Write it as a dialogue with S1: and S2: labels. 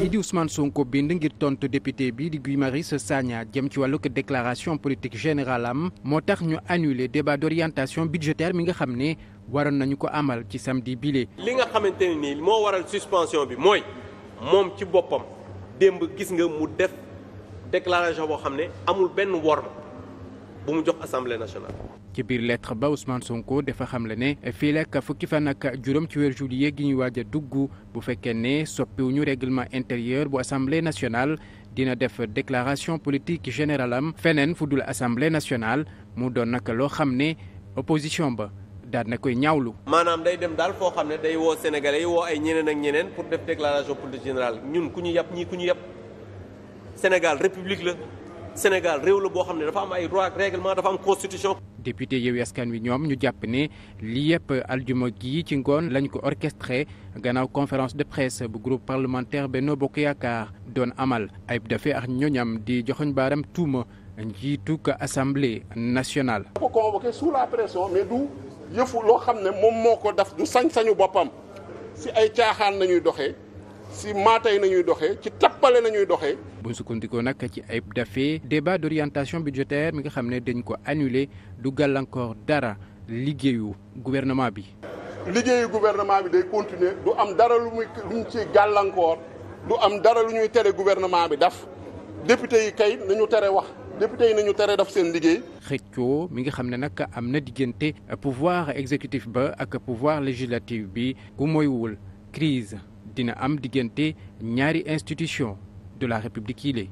S1: kii di Ousmane Sonko bind ngir tontu député bi di Guy Marius Sagna jëm ci wàllug déclaration politique générale am moo tax ñu annuler débat d'orientation budgétaire mi nga xam ne waroon nañu ko amal ci samedi bile.
S2: li nga xamante ne nii moo waral suspension bi mooy moom ci boppam démb gis nga mu def déclaration boo xam ne amul benn worma bu mu jox assemblée nationale.
S1: ci biir lettre ba Ousmane Sonko dafa xamle ne fii lekk fukki fan ak juróom ci weer juillet gi ñuy waaj dugg bu fekkee ne soppiwuñu règlement intérieur bu assemblée nationale dina def déclaration politique générale am feneen fu dul assemblée nationale mu doon naka loo xam ne opposition ba daal na koy ñaawlu.
S2: maanaam day dem daal foo xam ne day woo sénégalais yi woo ay ñeneen ak ñeneen pour def déclaration politique générale ñun ku ñu yàpp ñii ku ñu yàpp Sénégal république Sénégal réew la boo xam ne dafa
S1: am ay droit ak règlement dafa am constitution. député Yewwi Askan Wi ñoom ñu jàpp ne li yëpp aljuma gii ci ngoon lañ ko orchestré gannaaw conférence de presse bu groupe parlementaire Benno Bokk Yaakaar doon amal ayib dafee ak ñoñam di joxoñ baaram tuuma njiitu ko assemblée nationale.
S3: ko convoqué sous la pression mais du yëfu loo xam ne moom moo ko def du sañ-sañu boppam si ay caaxaan nañuy doxee. si maatay nañuy doxee ci tappale nañuy doxee.
S1: buñ sukkandikoo nag ci ay dafee débat d'orientation budgétaire mi nga xam ne dañ ko annulé du gàllankoor dara liggéeyu gouvernement bi.
S3: liggéeyu gouvernement bi day continuer du am dara lu muy lu am dara lu ñuy tere gouvernement bi daf député yi kay nañu tere wax. député yi nañu tere daf
S1: seen liggéey. xëccoo mi nga xam ne nag am na diggante pouvoir exécutif ba ak pouvoir législatif bi ku moywul crise dina am diggante ñaari institution de la république yi